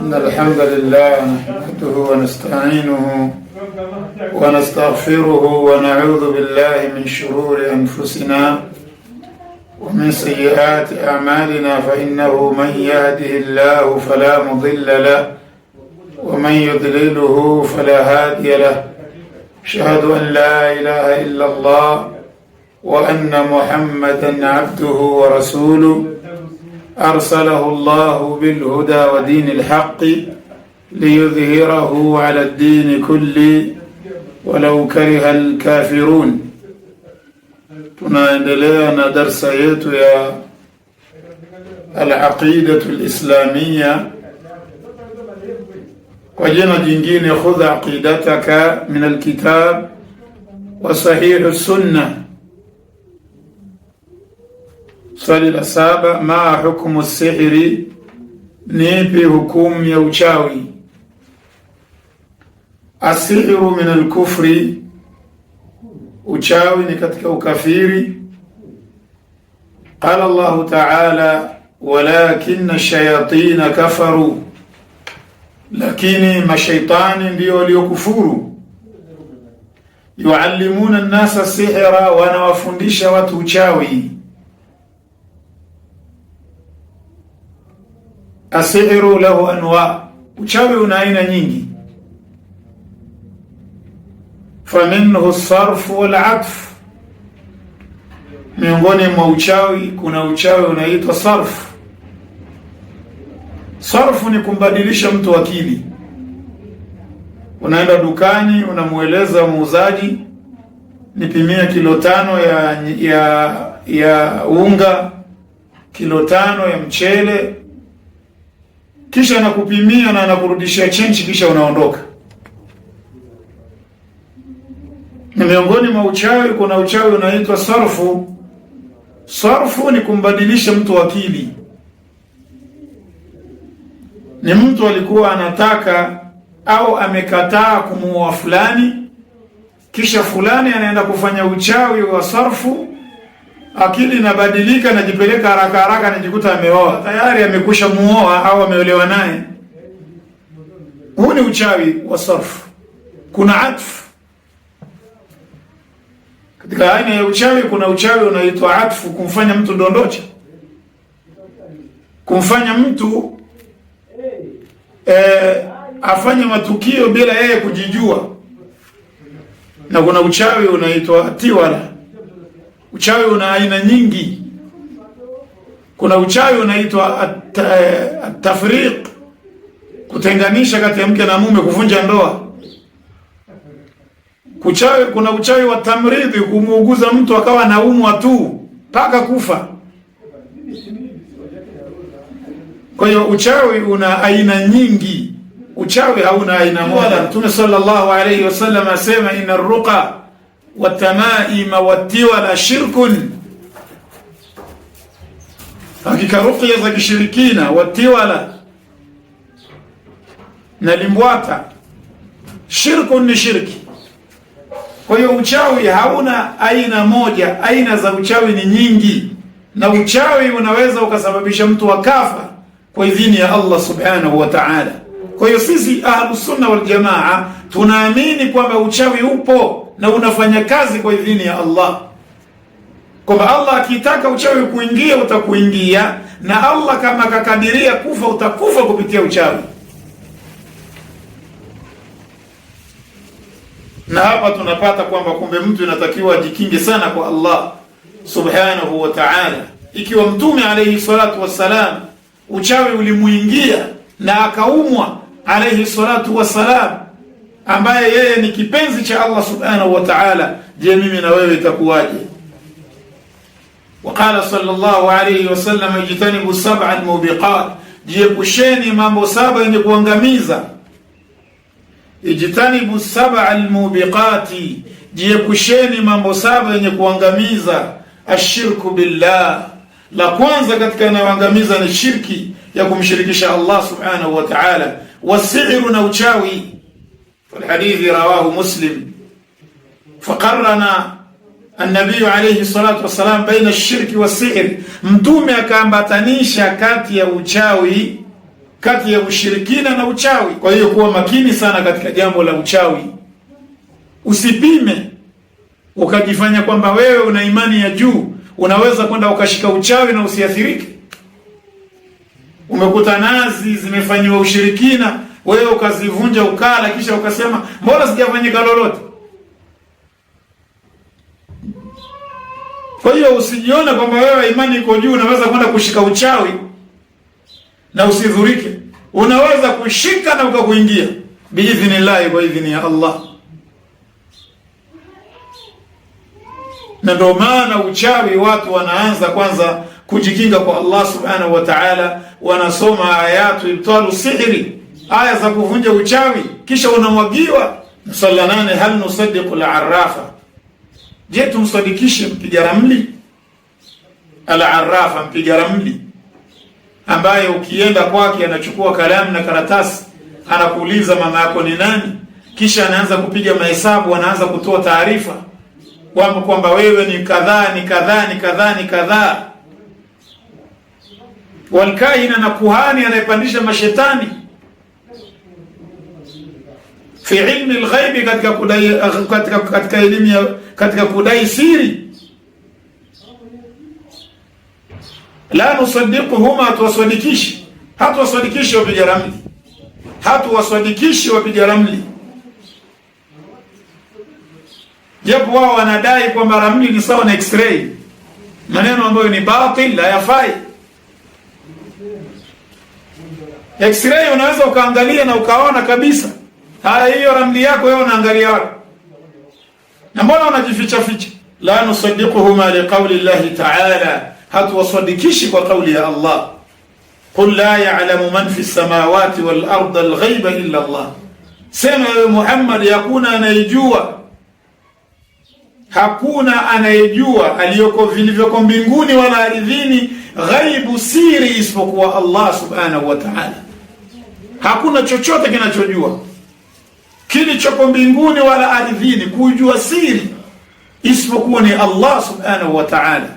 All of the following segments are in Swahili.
إن الحمد لله نحمده ونستعينه ونستغفره ونعوذ بالله من شرور أنفسنا ومن سيئات أعمالنا فإنه من يهده الله فلا مضل له ومن يضلله فلا هادي له أشهد أن لا إله إلا الله وأن محمدا عبده ورسوله أرسله الله بالهدى ودين الحق ليظهره على الدين كله ولو كره الكافرون تناندلينا درس يتو يا العقيدة الإسلامية وجنا جنجين خذ عقيدتك من الكتاب وصحيح السنة Swali la saba, ma hukumu sihiri, nipi hukumu ya uchawi? Asihiru min alkufri, uchawi ni katika ukafiri. Qala Allahu ta'ala, walakina shayatina kafaru, lakini mashaitani ndio waliokufuru. Yuallimuna nnasa sihra, wanawafundisha watu uchawi asiru lahu anwa, uchawi una aina nyingi. Faminhu sarfu wal miongoni mwa uchawi kuna uchawi unaitwa sarfu. Sarfu ni kumbadilisha mtu akili. Unaenda dukani, unamweleza muuzaji, nipimie kilo tano ya, ya, ya unga, kilo tano ya mchele kisha anakupimia na anakurudishia chenchi kisha unaondoka. Na miongoni mwa uchawi kuna uchawi unaitwa sarfu. Sarfu ni kumbadilisha mtu akili. Ni mtu alikuwa anataka au amekataa kumuua fulani, kisha fulani anaenda kufanya uchawi wa sarfu akili inabadilika, najipeleka haraka haraka, najikuta ameoa tayari, amekusha muoa au ameolewa naye. Huu ni uchawi wa sarfu. Kuna atfu katika aina ya uchawi. Kuna uchawi unaitwa atfu, kumfanya mtu dondocha kumfanya mtu e, afanye matukio bila yeye kujijua, na kuna uchawi unaitwa tiwala Uchawi una aina nyingi. Kuna uchawi unaitwa at, eh, at-tafriq, kutenganisha kati ya mke na mume, kuvunja ndoa. Kuchawi, kuna uchawi wa tamridhi, kumuuguza mtu akawa naumwa tu mpaka kufa. Kwa hiyo uchawi una aina nyingi, uchawi hauna aina moja. Mtume sallallahu alayhi wasallam asema ina ruqa watamaima watiwala shirkun, hakika ruqya za kishirikina watiwala na limbwata shirkun ni shirki. Kwa hiyo uchawi hauna aina moja, aina za uchawi ni nyingi, na uchawi unaweza ukasababisha mtu akafa kwa idhini ya Allah subhanahu wa ta'ala. Kwa hiyo sisi Ahlusunna wal Jamaa tunaamini kwamba uchawi upo na unafanya kazi kwa idhini ya Allah, kwamba Allah akitaka uchawi kuingia utakuingia, na Allah kama akakadiria kufa utakufa kupitia uchawi. Na hapa tunapata kwamba kumbe mtu inatakiwa ajikinge sana kwa Allah subhanahu wa ta'ala. Ikiwa Mtume alayhi salatu wassalam uchawi ulimuingia na akaumwa alayhi salatu wassalam ambaye yeye ni kipenzi cha Allah subhanahu wa ta'ala, je, mimi na wewe itakuwaje? Waqala sallallahu alayhi wasallam, ijtanibu sab'al mubiqat, jiepusheni mambo saba yenye kuangamiza. Ijtanibu sab'al mubiqati, jiepusheni mambo saba yenye kuangamiza. Ashirku billah, la kwanza katika yanayoangamiza ni shirki ya kumshirikisha Allah subhanahu wa ta'ala. Wasihiru, na uchawi والحديث رواه مسلم فقرنا النبي عليه الصلاة والسلام baina الشرك والسحر, mtume akaambatanisha kati ya kati ya ushirikina na uchawi. Kwa hiyo kuwa makini sana katika jambo la uchawi, usipime ukajifanya kwamba wewe una imani ya juu, unaweza kwenda ukashika uchawi na usiathirike. Umekuta nazi zimefanyiwa ushirikina wewe ukazivunja ukala, kisha ukasema mbona sijafanyika lolote? Kwa hiyo usijione kwamba wewe imani iko juu, unaweza kwenda kushika uchawi na usidhurike. Unaweza kushika na ukakuingia biidhnillahi, kwa idhini ya Allah. Na ndio maana uchawi watu wanaanza kwanza kujikinga kwa Allah subhanahu wa ta'ala, wanasoma ayatu ibtalu sihri aya za kuvunja uchawi, kisha unamwagiwa msala nane, hal nusaddiqu al-arrafa, je, tumsadikishe mpiga ramli? Al-arrafa, mpiga ramli ambaye ukienda kwake anachukua kalamu na karatasi, anakuuliza mama yako ni nani, kisha anaanza kupiga mahesabu, anaanza kutoa taarifa kwamba kwamba wewe ni kadhaa ni kadhaa ni kadhaa ni kadhaa. walkaina na kuhani anayepandisha mashetani fi ilmi lghaibi, katika kudai katika katika elimu ya katika kudai siri. La nusaddiquhuma, hatuwasadikishi hatuwasadikishi wapiga ramli, hatuwasadikishi wapiga ramli, japo wao wanadai kwamba ramli ni sawa na x-ray, maneno ambayo ni batil, yafai X-ray unaweza ukaangalia na ukaona kabisa Haya, hiyo ramli yako wewe unaangalia wapi? Na mbona unajificha ficha? La nusaddiquhuma liqauli llahi ta'ala, hatuwasadikishi kwa kauli ya Allah. Qul la ya'lamu man fi samawati wal ardi al ghaiba illa Allah, sema wewe Muhammad, hakuna anayejua hakuna anayejua aliyoko vilivyoko mbinguni wala ardhini, ghaibu siri, isipokuwa Allah subhanahu wa ta'ala. Hakuna chochote kinachojua kilichoko mbinguni wala ardhini, kujua siri isipokuwa ni Allah subhanahu wa ta'ala.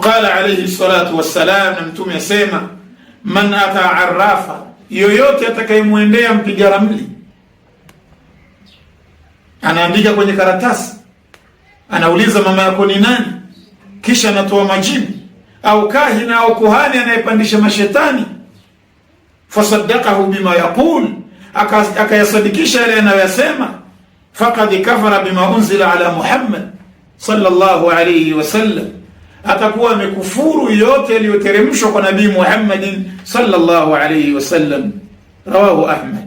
Qala alayhi salatu wassalam, na mtume asema, man ata arrafa, yoyote atakayemwendea mpiga ramli. Anaandika kwenye karatasi, anauliza mama yako ni nani, kisha anatoa majibu au kahina au kuhani anayepandisha mashetani, fasaddaqahu bima yaqul, akayasadikisha yale anayoyasema, faqad kafara bima unzila ala Muhammad sallallahu alayhi wasallam, atakuwa amekufuru yote yaliyoteremshwa kwa Nabii Muhammadin sallallahu alayhi wasallam. Rawahu Ahmad.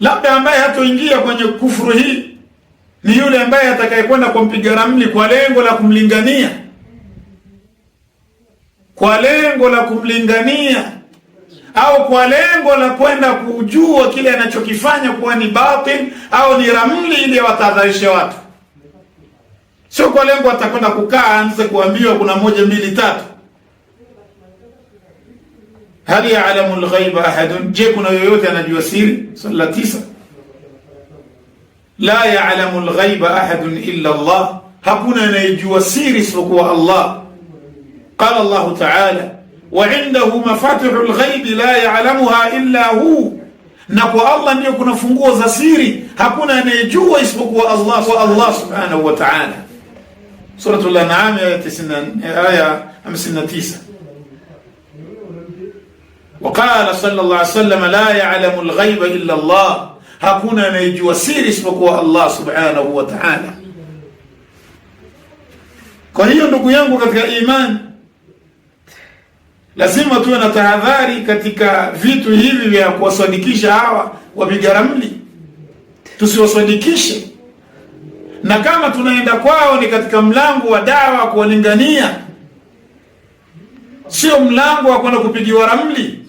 Labda ambaye hatoingia kwenye kufuru hii ni yule ambaye atakayekwenda kumpiga ramli kwa lengo la kumlingania, kwa lengo la kumlingania au kwa lengo la kwenda kujua kile anachokifanya kuwa ni batil au ni ramli ili watahadharishe watu, sio kwa lengo atakwenda kukaa anze kuambiwa kuna moja mbili tatu. hal alamu lghaiba ahadun, je, kuna yoyote anajua siri? Swali la tisa. لا يعلم الغيب أحد إلا الله هكونا نيجو السيرس هو الله قال الله تعالى وعنده مفاتح الغيب لا يعلمها إلا هو نقو الله أن يكون فنقو زسيري هكونا نيجو اسمك هو الله هو الله سبحانه وتعالى سورة الأنعام آية آية أمسنة تيسة وقال صلى الله عليه وسلم لا يعلم الغيب إلا الله hakuna anayejua siri isipokuwa Allah subhanahu wa ta'ala. Kwa hiyo ndugu yangu katika imani, lazima tuwe na tahadhari katika vitu hivi vya kuwasadikisha hawa wapiga ramli, tusiwasadikishe. Na kama tunaenda kwao ni katika mlango wa dawa kuwalingania, sio mlango wa kwenda kupigiwa ramli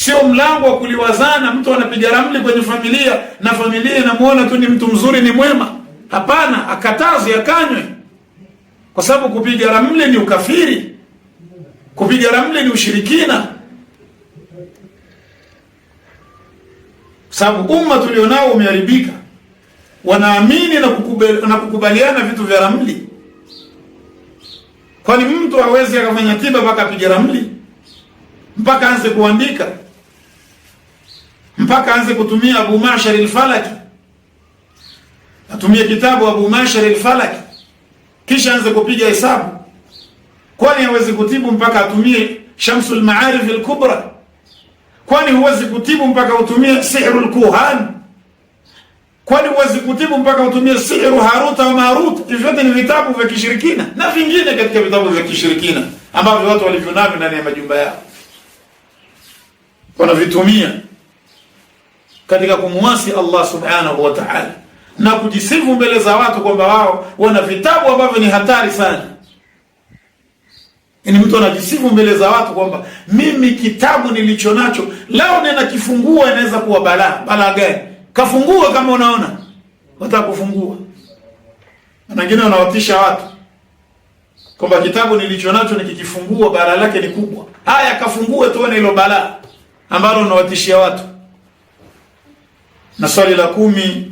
sio mlango wa kuliwazana. Mtu anapiga ramli kwenye familia na familia inamuona tu ni mtu mzuri, ni mwema. Hapana, akatazi akanywe, kwa sababu kupiga ramli ni ukafiri, kupiga ramli ni ushirikina, sababu umma tulionao umeharibika, wanaamini na, kukubali, na kukubaliana vitu vya ramli. Kwani mtu hawezi akafanya tiba mpaka apige ramli mpaka aanze kuandika mpaka aanze kutumia Abu Mashar al-Falaki, atumie kitabu Abu Mashar al-Falaki, kisha aanze kupiga hesabu, kwani hawezi kutibu mpaka atumie Shamsul Maarif al-Kubra? Kwani huwezi kutibu mpaka utumie Sihrul Kuhan? Kwani huwezi kutibu mpaka utumie Sihru Haruta wa Maruta? Vyote ni vitabu vya kishirikina na vingine katika vitabu vya kishirikina ambavyo watu walivyonavyo ndani ya majumba yao wanavitumia katika kumwasi Allah subhanahu wa ta'ala na kujisifu mbele za watu kwamba wao wana vitabu ambavyo ni hatari sana. Ni yaani mtu anajisifu mbele za watu kwamba mimi kitabu nilicho nacho lao kifungua, inaweza kuwa balaa. Balaa gani? Kafungua kama unaona wataka kufungua. Na wengine wanawatisha watu kwamba kitabu nilicho nacho nikikifungua balaa lake ni kubwa. Haya, kafungue tuone hilo balaa ambalo unawatishia watu. Na swali la kumi,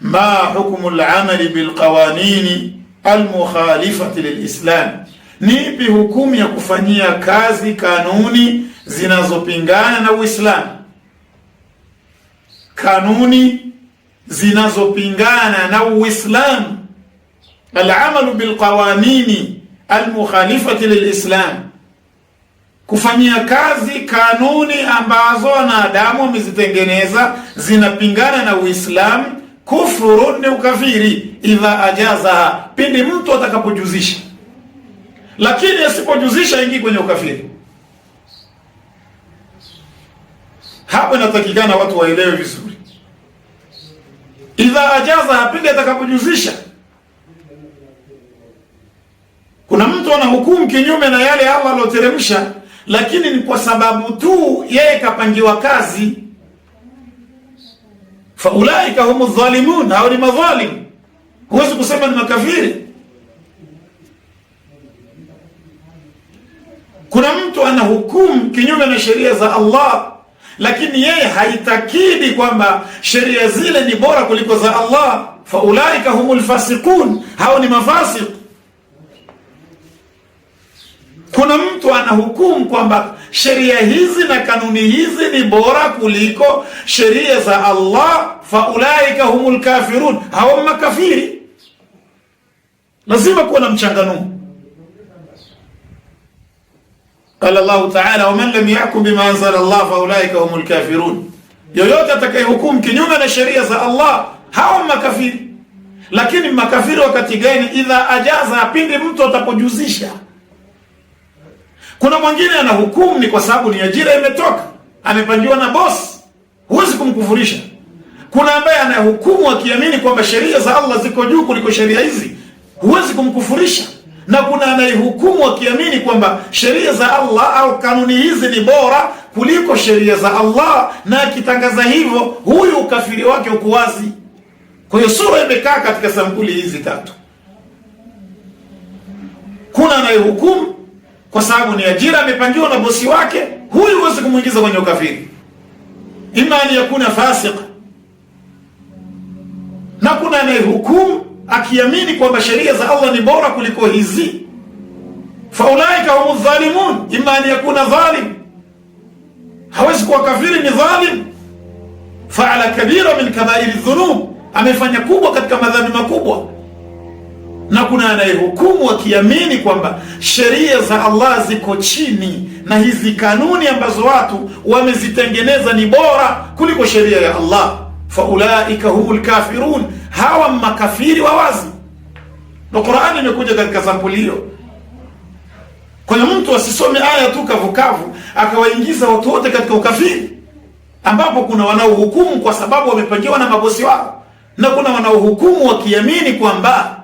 ma hukmu al-amali bilqawanini almukhalifati lilislam, ni ipi hukumu ya kufanyia kazi kanuni zinazopingana na Uislamu? Kanuni zinazopingana na Uislamu, alamalu bilqawanini almukhalifati lilislam kufanyia kazi kanuni ambazo wanadamu wamezitengeneza zinapingana na Uislamu. kufuru ni ukafiri, idha ajazaha, pindi mtu atakapojuzisha, lakini asipojuzisha ingi kwenye ukafiri. Hapo inatakikana watu waelewe vizuri, idha ajazaha, pindi atakapojuzisha. Kuna mtu ana hukumu kinyume na yale Allah alioteremsha lakini ni kwa sababu tu yeye kapangiwa kazi. Faulaika humu dhalimun, hao ni madhalim, huwezi kusema ni makafiri. Kuna mtu ana hukumu kinyume na sheria za Allah, lakini yeye haitakidi kwamba sheria zile ni bora kuliko za Allah. Faulaika humu lfasikun, hao ni mafasiki. Kuna mtu anahukumu kwamba sheria hizi na kanuni hizi ni bora kuliko sheria za Allah, faulaika humul kafirun, hawa makafiri. Lazima kuwa na mchanganuo. Qala Allahu taala, waman lam yahkum bima anzala Allah faulaika humul kafirun, yoyote atakayehukumu kinyume na sheria za Allah hawa makafiri. Lakini makafiri wakati gani? Idha ajaza, pindi mtu atapojuzisha kuna mwingine ana hukumu ni kwa sababu ni ajira imetoka, amepangiwa na boss, huwezi kumkufurisha. Kuna ambaye anahukumu akiamini kwamba sheria za Allah ziko juu kuliko sheria hizi, huwezi kumkufurisha. Na kuna anayehukumu akiamini kwamba sheria za Allah au kanuni hizi ni bora kuliko sheria za Allah, na akitangaza hivyo, huyu ukafiri wake uko wazi. Kwa hiyo sura imekaa katika sampuli hizi tatu. Kuna anayehukumu kwa sababu ni ajira amepangiwa na bosi wake. Huyu huwezi kumwingiza kwenye ukafiri, ima an yakuna fasiq Na kuna anayehukumu akiamini kwamba sheria za Allah ni bora kuliko hizi, faulaika humu dhalimun, ima an yakuna dhalim, hawezi kuwa kafiri, ni dhalim. Faala kabira min kabairi dhunub, amefanya kubwa katika madhambi makubwa na kuna anayehukumu akiamini kwamba sheria za Allah ziko chini na hizi kanuni ambazo watu wamezitengeneza ni bora kuliko sheria ya Allah. Faulaika humul kafirun, hawa makafiri wa wazi, na Qur'ani imekuja katika sampuli hiyo. Kwa hiyo mtu asisome aya tu kavukavu akawaingiza watu wote katika ukafiri, ambapo kuna wanaohukumu kwa sababu wamepangiwa na mabosi wao na kuna wanaohukumu wakiamini kwamba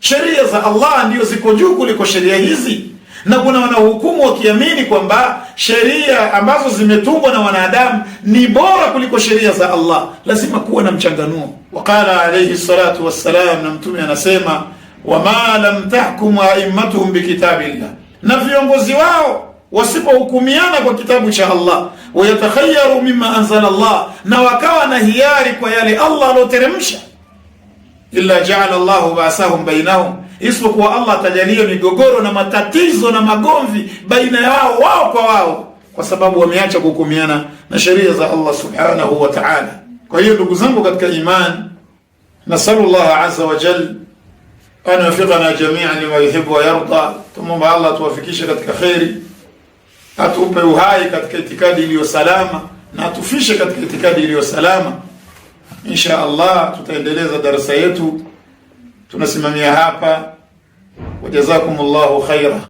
Sheria za Allah ndiyo ziko juu kuliko sheria hizi, na kuna wanahukumu wakiamini kwamba sheria ambazo zimetungwa na wanadamu ni bora kuliko sheria za Allah. Lazima kuwa na mchanganuo. Waqala alayhi salatu wassalam, na mtume anasema wama lam tahkum aimmatuhum bikitabillah, na viongozi wao wasipohukumiana kwa kitabu cha Allah, wayatakhayaru mimma anzala Allah, na wakawa na hiari kwa yale Allah alioteremsha illa jaala llahu baasahum bainahum, isipokuwa Allah atajalia migogoro na matatizo na magomvi baina yao wao kwa wao, kwa sababu wameacha kuhukumiana na sheria za Allah subhanahu wa ta'ala. Kwa hiyo ndugu zangu katika imani, nasalu llaha azza wa jalla an yuwaffiqana jamian lima yuhibbu wa yarda. Tumomba Allah atuwafikishe katika kheri, atupe uhai katika itikadi iliyo salama na atufishe katika itikadi iliyo salama. Insha Allah tutaendeleza darasa yetu, tunasimamia hapa. Wajazakumullahu khaira.